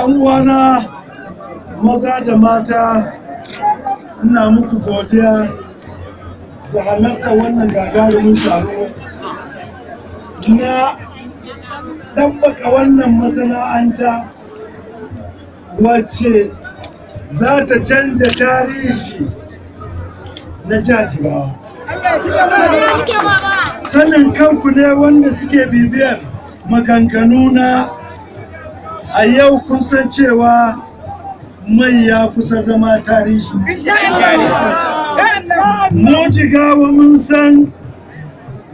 'yan uwana maza da mata ina muku godiya da halartar wannan gagarumin taro na ɗabbaka wannan masana'anta wacce za ta canja tarihi na jajibawa sanin kanku ne wanda suke bibiyar maganganu na a yau kun san cewa mai ya kusa zama tarihi mu jigawa mun san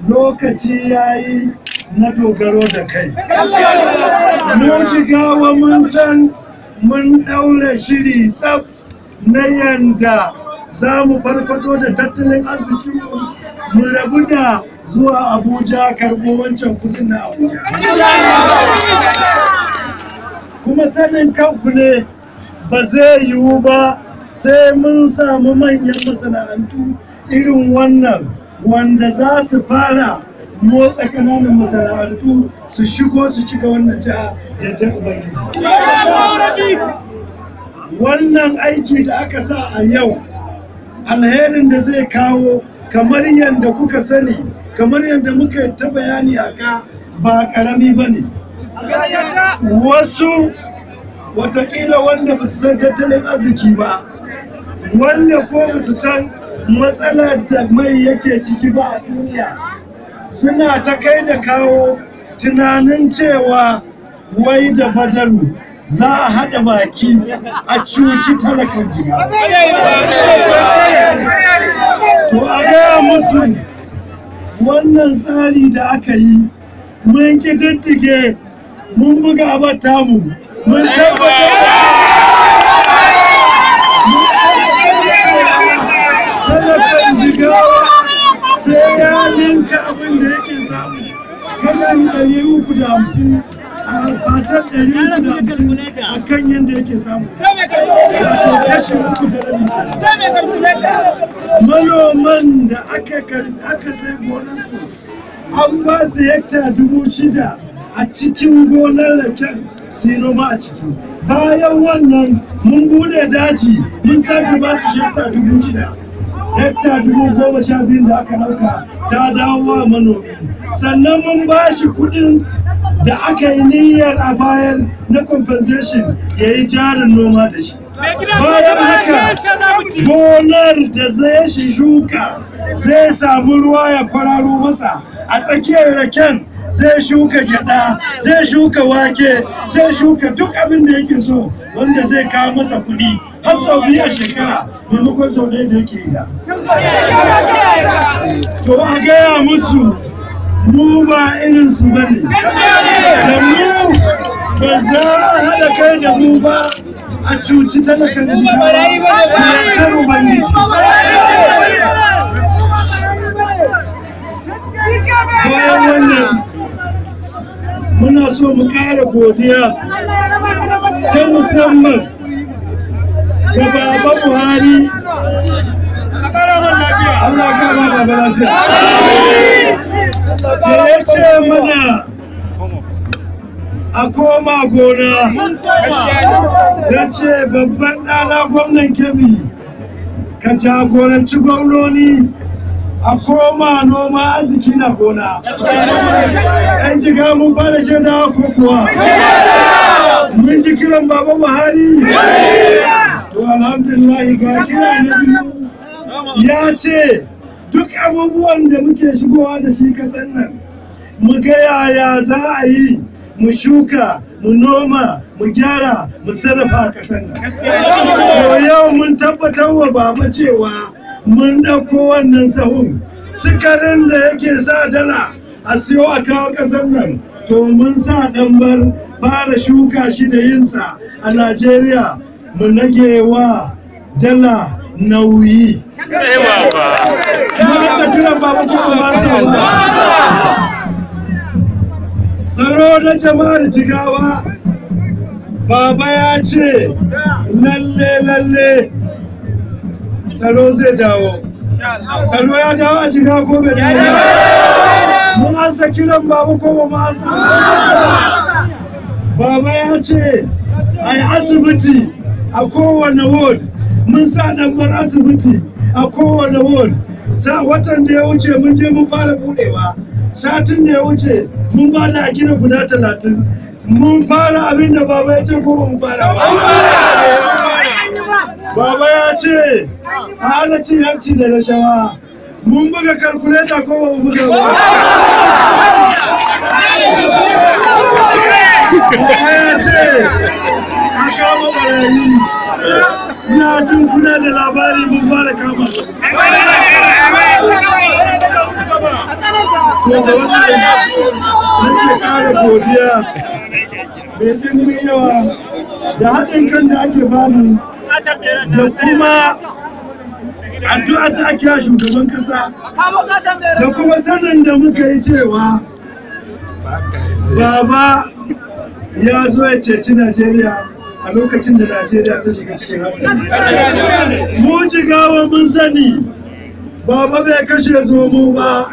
lokaci ya yi na dogaro da kai mu jigawa mun san mun ɗaura shiri tsab na yanda za mu farfado da tattalin arzikinmu mu rabu da zuwa abuja karɓo wancan kudin na abuja kuma sanin kanku ne ba zai yiwu ba sai mun samu manyan masana'antu irin wannan wanda za su fara motsa kananan masana'antu su shigo su cika wannan jiha da ta ubangiji wannan aiki da aka sa a yau alherin da zai kawo kamar yadda kuka sani kamar yadda muka ta bayani a ka ba ƙarami ba ne wasu watakila wanda ba su san tattalin arziki ba wanda ko ba su san matsalar da mai yake ciki ba a duniya suna ta kai da kawo tunanin cewa wai da badaru za a haɗa baki a cuci talakan jiga to a gaya musu wannan tsari da aka yi mun ƙididdige mun buga mu. mun tabbatar talakan jigawa sai ya linka abin da yake samu kashi ɗari uku da hamsin a fasar ɗari uku da hamsin a kan yadda yake samu wato kashi uku da rabi manoman da aka sai gonarsu an ba su hekta dubu shida a cikin gonar raken su yi noma a ciki bayan wannan mun bude daji mun sake ba su shekta dubu shida hekta dubu goma sha biyun da aka ɗauka ta dawo wa manomi sannan mun ba shi kuɗin da aka yi niyyar a bayan na compensation ya yi jarin noma da shi bayan haka gonar da zai shi shuka zai samu ruwa ya kwararo masa a tsakiyar raken zai shuka gyaɗa, zai shuka wake zai shuka duk abin da yake so wanda zai kawo masa kuɗi har sau biyu a shekara maimakon sau ɗaya da yake da to a gaya musu mu ba irin su bane da mu ba za a haɗa kai da mu ba a cuci talakan jimawa ba karo ban ƙara godiya ta musamman ga baba buhari Allah baba lafiya da ya ce mana a koma gona ya ce babban ɗana gwamnan kebbi ka jagoranci gwamnoni a koma noma arziki na gona yan jiga mun ba da ko kuwa mun ji kiran baba buhari to alhamdulillah ga kira na biyu ya ce duk abubuwan da muke shigowa da shi kasan nan mu ga yaya za a yi mu shuka mu noma mu gyara mu sarrafa kasan nan to yau mun tabbatar wa baba cewa mun ɗauko wannan sahun sukarin da yake sa dala a siyo a kawo ƙasar nan to mun sa ɗanbar fara shuka shi da yinsa a najeriya mu nage wa dala nauyi masa ba tsaro na jama'ar jigawa baba ya ce lalle lalle Salo zai dawo salo ya dawo a jiga gobe bai dawo mun sa kiran babu ko an sa baba ya ce a yi asibiti a kowane ward mun sa ɗanbar asibiti a kowane ward sa watan da ya wuce mun je mun fara budewa satin da ya wuce mun ba da akida guda talatin mun fara abin da baba ya ce ko mun fara baba ce a hana cin hanci da rashawa mun buga kalkuleta ko ba buga ba ya ce a kama barayi na jin kuna da labari mun fara kama su nake godiya mai yawa da haɗin kan da ake bani da kuma addu'ar da ake shugaban kasa da kuma sanin da muka yi cewa baba ya zo ya ceci najeriya a lokacin da najeriya ta shiga cikin hafi mu jigawa mun sani baba bai kashe zomo ba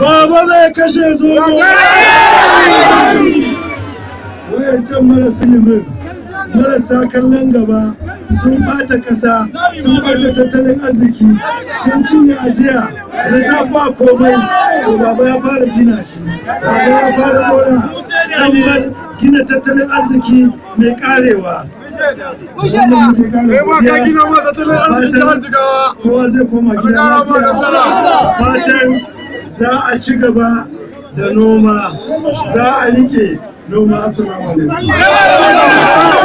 baba bai kashe zomo ba wayancan mara silimin marasa kallon gaba sun ɓata ƙasa sun bata tattalin arziki sun cinye ajiya da za ba komai baba ya fara gina shi baba ya fara gona dan bar gina tattalin arziki mai karewa kowa zai koma gida fatan za a ci gaba da noma za a rike noma assalamu alaikum